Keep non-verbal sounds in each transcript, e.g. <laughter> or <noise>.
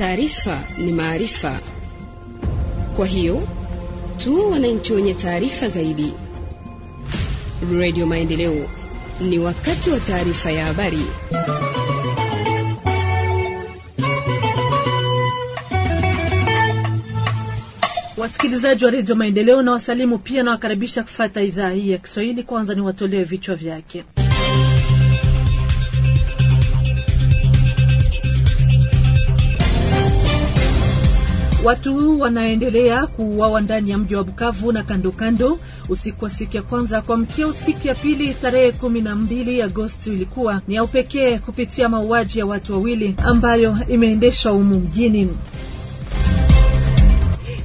Taarifa ni maarifa, kwa hiyo tuwe wananchi wenye taarifa zaidi. Radio Maendeleo, ni wakati wa taarifa ya habari. Wasikilizaji wa redio Maendeleo na wasalimu pia, nawakaribisha kufata idhaa hii ya Kiswahili. Kwanza ni watolee vichwa vyake. Watu wanaendelea kuuawa ndani ya mji wa Bukavu na kando kando. Usiku wa siku ya kwanza kwa mkia usiku ya pili tarehe kumi na mbili Agosti ilikuwa ni ya upekee kupitia mauaji ya watu wawili ambayo imeendeshwa humu mjini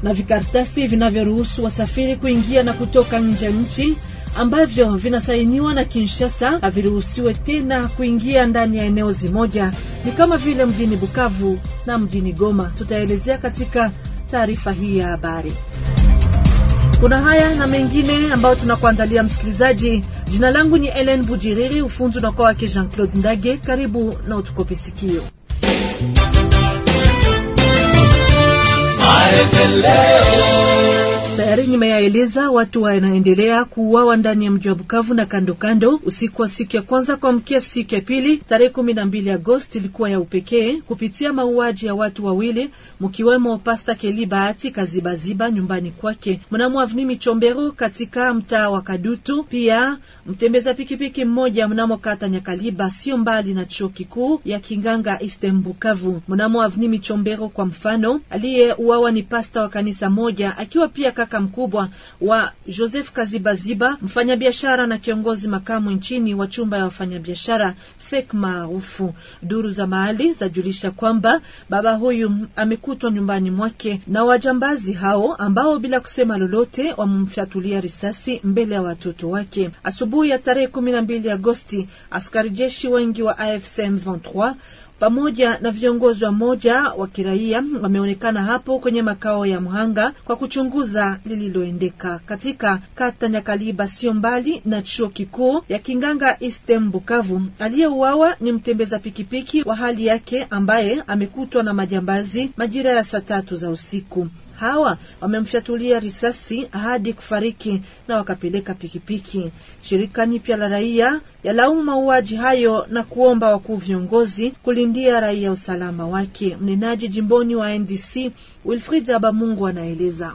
na vikaratasi vinavyoruhusu wasafiri kuingia na kutoka nje nchi ambavyo vinasainiwa na Kinshasa haviruhusiwe tena kuingia ndani ya eneo zimoja, ni kama vile mjini Bukavu na mjini Goma. Tutaelezea katika taarifa hii ya habari. Kuna haya na mengine ambayo tunakuandalia msikilizaji. Jina langu ni Ellen Bujiriri, ufundi unakuwa wake Jean Claude Ndage. Karibu na utukope sikio maendeleo tayari nimeyaeleza, watu wanaendelea kuuawa ndani ya mji wa Bukavu na kando kando. Usiku wa siku ya kwanza mkia siku ya pili tarehe kumi na mbili Agosti ilikuwa ya upekee kupitia mauaji ya watu wawili, mkiwemo Pasta Keli Bahati Kazibaziba nyumbani kwake mnamo michombero katika mtaa wa Kadutu, pia mtembeza pikipiki mmoja mnamo kata Nyakaliba sio mbali na chuo kikuu ya Kinganga Eastern Bukavu. Mnamo Avni Michombero kwa mfano, aliyeuawa ni pasta wa kanisa moja akiwa pia mashtaka mkubwa wa Joseph Kazibaziba, mfanyabiashara na kiongozi makamu nchini wa chumba ya wafanyabiashara FEK maarufu. Duru za mahali zajulisha kwamba baba huyu amekutwa nyumbani mwake na wajambazi hao ambao bila kusema lolote wamemfyatulia risasi mbele ya watoto wake. Asubuhi ya tarehe kumi na mbili Agosti, askari jeshi wengi wa AFC M23 pamoja na viongozi wa moja wa kiraia wameonekana hapo kwenye makao ya mhanga kwa kuchunguza lililoendeka katika kata Nyakaliba, sio mbali na chuo kikuu ya Kinganga Estem Bukavu. Aliyeuawa ni mtembeza pikipiki wa hali yake ambaye amekutwa na majambazi majira ya saa tatu za usiku hawa wamemshatulia risasi hadi kufariki na wakapeleka pikipiki. Shirika nipya la raia yalaumu mauaji hayo na kuomba wakuu viongozi kulindia raia usalama wake. Mnenaji jimboni wa NDC Wilfrid Abamungu anaeleza.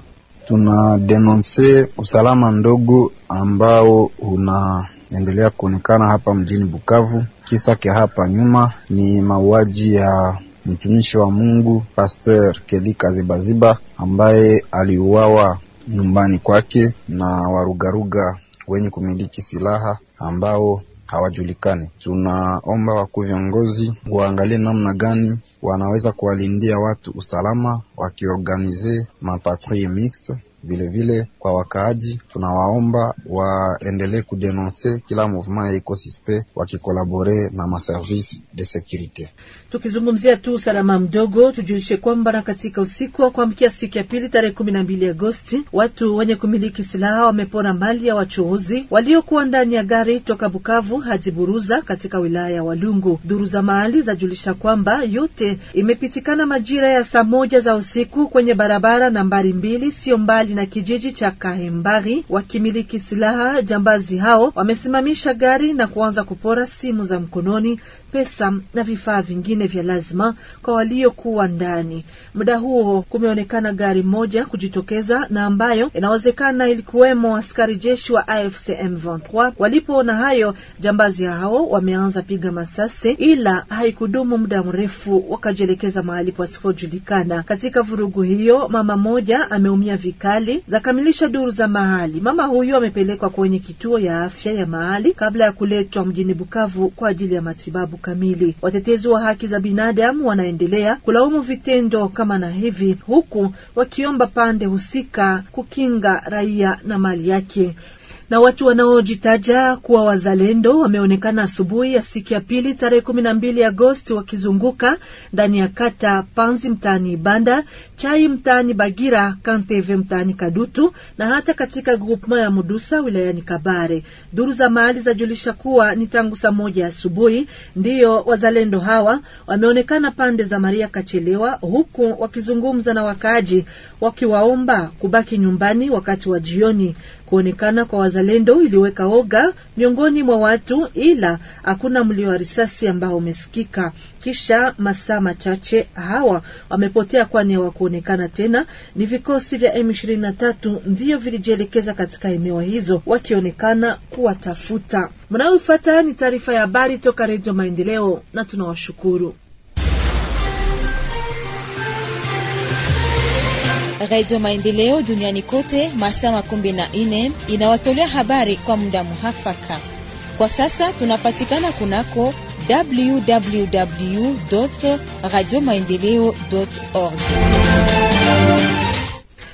Tuna denonse usalama ndogo ambao unaendelea kuonekana hapa mjini Bukavu. Kisa kya hapa nyuma ni mauaji ya mtumishi wa Mungu Pastor Kedi Kazibaziba ambaye aliuawa nyumbani kwake na warugaruga wenye kumiliki silaha ambao hawajulikani. Tunaomba wakuu viongozi waangalie namna gani wanaweza kuwalindia watu usalama, wakiorganize mapatrouille mixte vilevile vile, kwa wakaaji tunawaomba waendelee kudenonse kila mouvement ya iko wakikolabore na maservice de securite. Tukizungumzia tu usalama mdogo, tujulishe kwamba katika usiku wa kuamkia siku ya pili tarehe kumi na mbili Agosti, watu wenye kumiliki silaha wamepora mali ya wachuuzi waliokuwa ndani ya gari toka Bukavu hadi Buruza katika wilaya ya Walungu. Duru za mahali zajulisha kwamba yote imepitikana majira ya saa moja za usiku kwenye barabara nambari mbili, sio mbali na kijiji cha Kahembari. Wakimiliki silaha jambazi hao wamesimamisha gari na kuanza kupora simu za mkononi, pesa na vifaa vingine vingine vya lazima kwa waliokuwa ndani. Muda huo kumeonekana gari moja kujitokeza na ambayo inawezekana ilikuwemo askari jeshi wa AFC M23. Walipoona hayo, jambazi hao wameanza piga masasi, ila haikudumu muda mrefu, wakajielekeza mahali pasipojulikana. Katika vurugu hiyo, mama moja ameumia vikali, zakamilisha duru za mahali. Mama huyo amepelekwa kwenye kituo ya afya ya mahali kabla ya kuletwa mjini Bukavu kwa ajili ya matibabu kamili. Watetezi wa haki za binadamu wanaendelea kulaumu vitendo kama na hivi, huku wakiomba pande husika kukinga raia na mali yake na watu wanaojitaja kuwa wazalendo wameonekana asubuhi ya siku ya pili tarehe kumi na mbili Agosti wakizunguka ndani ya kata Panzi mtaani Ibanda, Chai mtaani Bagira, Kanteve mtaani Kadutu na hata katika grupma ya Mudusa wilayani Kabare. Duru za mahali zajulisha kuwa ni tangu saa moja asubuhi ndiyo wazalendo hawa wameonekana pande za Maria Kachelewa, huku wakizungumza na wakaaji wakiwaomba kubaki nyumbani wakati wa jioni. Kuonekana kwa wazalendo iliweka oga miongoni mwa watu, ila hakuna mlio wa risasi ambao umesikika. Kisha masaa machache hawa wamepotea, kwani hawakuonekana tena. Ni vikosi vya M23 ndiyo vilijielekeza katika eneo hizo wakionekana kuwatafuta. Mnaofuata ni taarifa ya habari toka Redio Maendeleo na tunawashukuru. Radio Maendeleo duniani kote masaa 14 inawatolea habari kwa muda muhafaka. Kwa sasa tunapatikana kunako www radio maendeleo org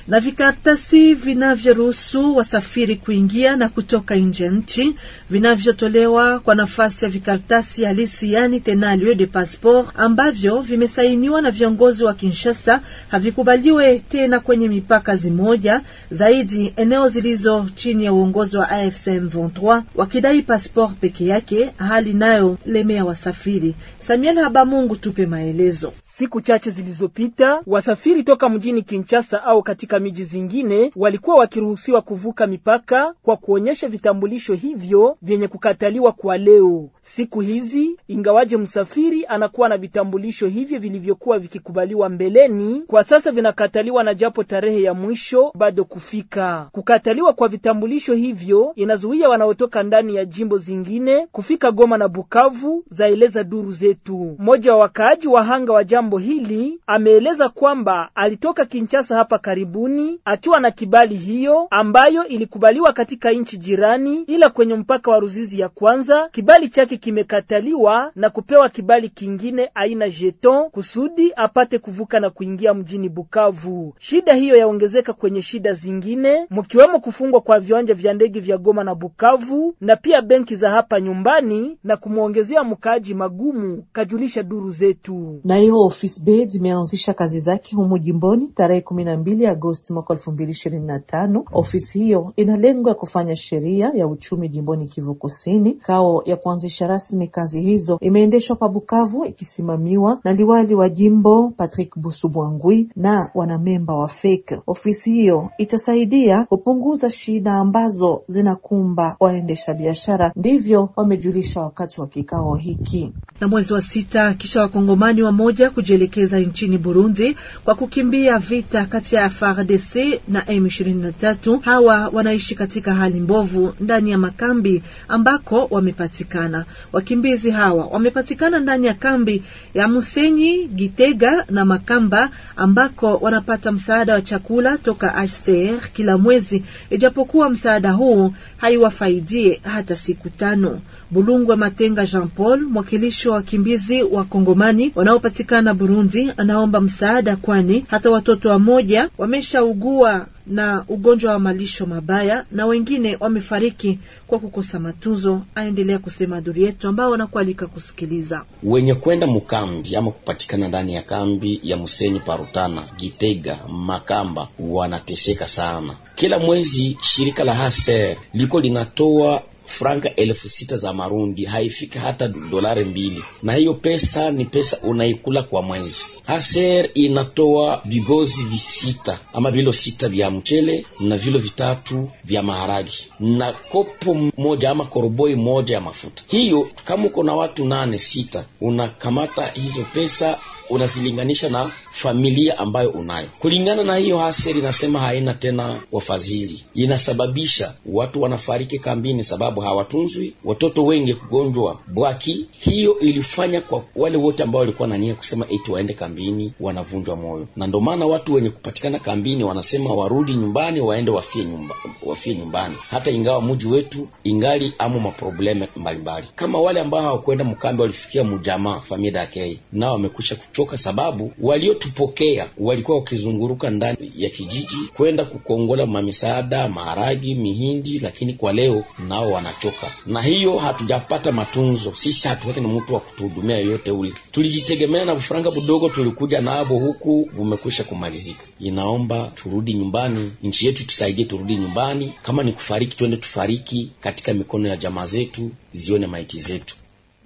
na vikaratasi vinavyoruhusu wasafiri kuingia na kutoka nje ya nchi vinavyotolewa kwa nafasi ya vikaratasi halisi yani tena lieu de passeport ambavyo vimesainiwa na viongozi wa Kinshasa havikubaliwe tena kwenye mipaka zimoja zaidi eneo zilizo chini ya uongozi wa AFCM 23 wakidai passeport peke yake, hali nayo lemea wasafiri. Samuel Habamungu tupe maelezo. Siku chache zilizopita wasafiri toka mjini Kinshasa au katika miji zingine walikuwa wakiruhusiwa kuvuka mipaka kwa kuonyesha vitambulisho hivyo vyenye kukataliwa kwa leo. Siku hizi ingawaje msafiri anakuwa na vitambulisho hivyo vilivyokuwa vikikubaliwa mbeleni, kwa sasa vinakataliwa na japo tarehe ya mwisho bado kufika. Kukataliwa kwa vitambulisho hivyo inazuia wanaotoka ndani ya jimbo zingine kufika Goma na Bukavu, zaeleza duru zetu. Mmoja wa wakaaji wahanga wa jambo hili ameeleza kwamba alitoka Kinshasa hapa karibuni akiwa na kibali hiyo ambayo ilikubaliwa katika nchi jirani, ila kwenye mpaka wa Ruzizi ya kwanza kibali chake kimekataliwa na kupewa kibali kingine aina jeton kusudi apate kuvuka na kuingia mjini Bukavu. Shida hiyo yaongezeka kwenye shida zingine, mkiwemo kufungwa kwa viwanja vya ndege vya Goma na Bukavu na pia benki za hapa nyumbani na kumwongezea mkaaji magumu, kajulisha duru zetu na hiyo Office Bay zimeanzisha kazi zake humu jimboni tarehe 12 mbili Agosti mwaka 2025. Ofisi hiyo ina lengo ya kufanya sheria ya uchumi jimboni Kivu Kusini. Kao ya kuanzisha rasmi kazi hizo imeendeshwa pa Bukavu ikisimamiwa na liwali wa jimbo Patrick Busubwangwi na wanamemba wa FEK. Ofisi hiyo itasaidia kupunguza shida ambazo zinakumba waendesha biashara, ndivyo wamejulisha wakati wa kikao hiki. Na mwezi wa sita kisha wakongomani moja kuj kujielekeza nchini Burundi kwa kukimbia vita kati ya FARDC na M23. Hawa wanaishi katika hali mbovu ndani ya makambi ambako wamepatikana. Wakimbizi hawa wamepatikana ndani ya kambi ya Musenyi, Gitega na Makamba ambako wanapata msaada wa chakula toka HCR kila mwezi, ijapokuwa msaada huu haiwafaidie hata siku tano. Bulungwe Matenga Jean Paul, mwakilishi wa wakimbizi wa Kongomani wanaopatikana Burundi anaomba msaada, kwani hata watoto wamoja wameshaugua na ugonjwa wa malisho mabaya na wengine wamefariki kwa kukosa matunzo. Aendelea kusema duri yetu ambao wanakualika kusikiliza wenye kwenda mukambi ama kupatikana ndani ya kambi ya Musenyi, Parutana, Gitega, Makamba wanateseka sana. Kila mwezi shirika la Haser liko linatoa franka elfu sita za Marundi haifiki hata dolari mbili, na hiyo pesa ni pesa unaikula kwa mwezi. Haser inatoa vigozi visita ama vilo sita vya mchele na vilo vitatu vya maharagi na kopo moja ama koroboi moja ya mafuta. Hiyo kama uko na watu nane sita, unakamata hizo pesa unazilinganisha na familia ambayo unayo. Kulingana na hiyo haseri inasema haina tena wafadhili, inasababisha watu wanafariki kambini sababu hawatunzwi, watoto wengi kugonjwa bwaki. Hiyo ilifanya kwa wale wote ambao walikuwa na nia kusema eti waende kambini wanavunjwa moyo, na ndio maana watu wenye kupatikana kambini wanasema warudi nyumbani, waende wafie nyumba, wafie nyumbani, hata ingawa mji wetu ingali amo maprobleme mbalimbali, kama wale ambao hawakwenda mkambi walifikia mujamaa familia yake nao wamekwisha kuchoka, sababu waliotupokea walikuwa wakizunguruka ndani ya kijiji kwenda kukongola mamisaada, maharagi, mihindi, lakini kwa leo nao wanachoka, na hiyo hatujapata matunzo sisi, hatuwake na mtu wa kutuhudumia yoyote ule. Tulijitegemea na vifaranga budogo tulikuja navo, huku vumekwisha kumalizika. Inaomba turudi nyumbani, nchi yetu tusaidie, turudi nyumbani. Kama ni kufariki, twende tufariki katika mikono ya jamaa zetu, zione maiti zetu.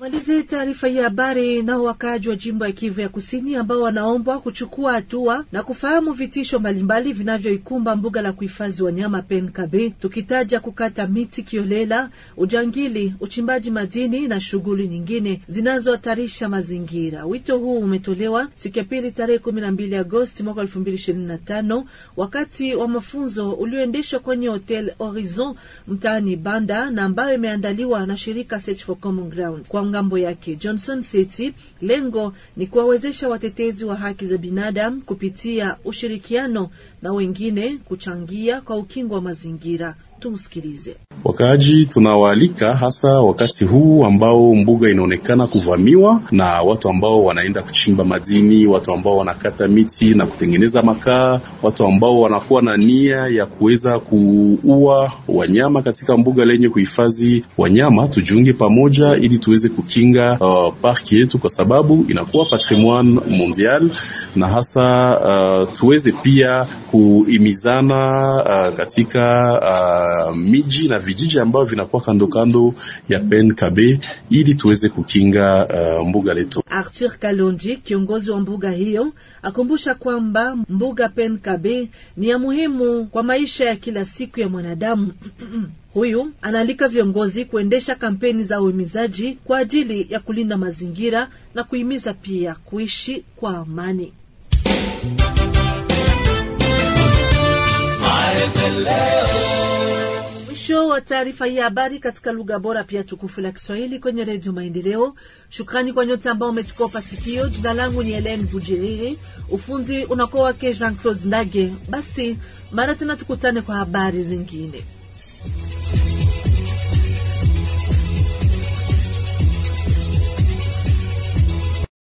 Malize taarifa hii habari. Nao wakaaji wa jimbo ya Kivu ya Kusini ambao wanaombwa kuchukua hatua na kufahamu vitisho mbalimbali vinavyoikumba mbuga la kuhifadhi wanyama PNKB, tukitaja kukata miti kiolela, ujangili, uchimbaji madini na shughuli nyingine zinazohatarisha mazingira. Wito huu umetolewa siku ya pili tarehe mbili Agosti mwaka tano wakati wa mafunzo ulioendeshwa kwenye Hotel Horizon mtaani Banda na ambayo imeandaliwa na shirika Search for Common Ground kwa ngambo yake Johnson City, Lengo ni kuwawezesha watetezi wa haki za binadamu kupitia ushirikiano na wengine kuchangia kwa ukingo wa mazingira. Tumsikilize. Wakaaji tunawaalika hasa wakati huu ambao mbuga inaonekana kuvamiwa na watu ambao wanaenda kuchimba madini, watu ambao wanakata miti na kutengeneza makaa, watu ambao wanakuwa na nia ya kuweza kuua wanyama katika mbuga lenye kuhifadhi wanyama. Tujiunge pamoja ili tuweze kukinga uh, parki yetu kwa sababu inakuwa patrimoine mondial, na hasa uh, tuweze pia kuimizana uh, katika uh, miji na vijiji ambavyo vinakuwa kando kando ya PNKB ili tuweze kukinga uh, mbuga letu. Arthur Kalonji, kiongozi wa mbuga hiyo, akumbusha kwamba mbuga PNKB ni ya muhimu kwa maisha ya kila siku ya mwanadamu. <clears throat> Huyu anaalika viongozi kuendesha kampeni za uhimizaji kwa ajili ya kulinda mazingira na kuhimiza pia kuishi kwa amani wa taarifa hii ya habari katika lugha bora pia tukufu la Kiswahili kwenye Redio Maendeleo. Shukrani kwa nyote ambao umetukopa sikio. Jina langu ni Helen Bujiriri, ufunzi unakuwa wake Jean Claude Ndage. Basi mara tena tukutane kwa habari zingine.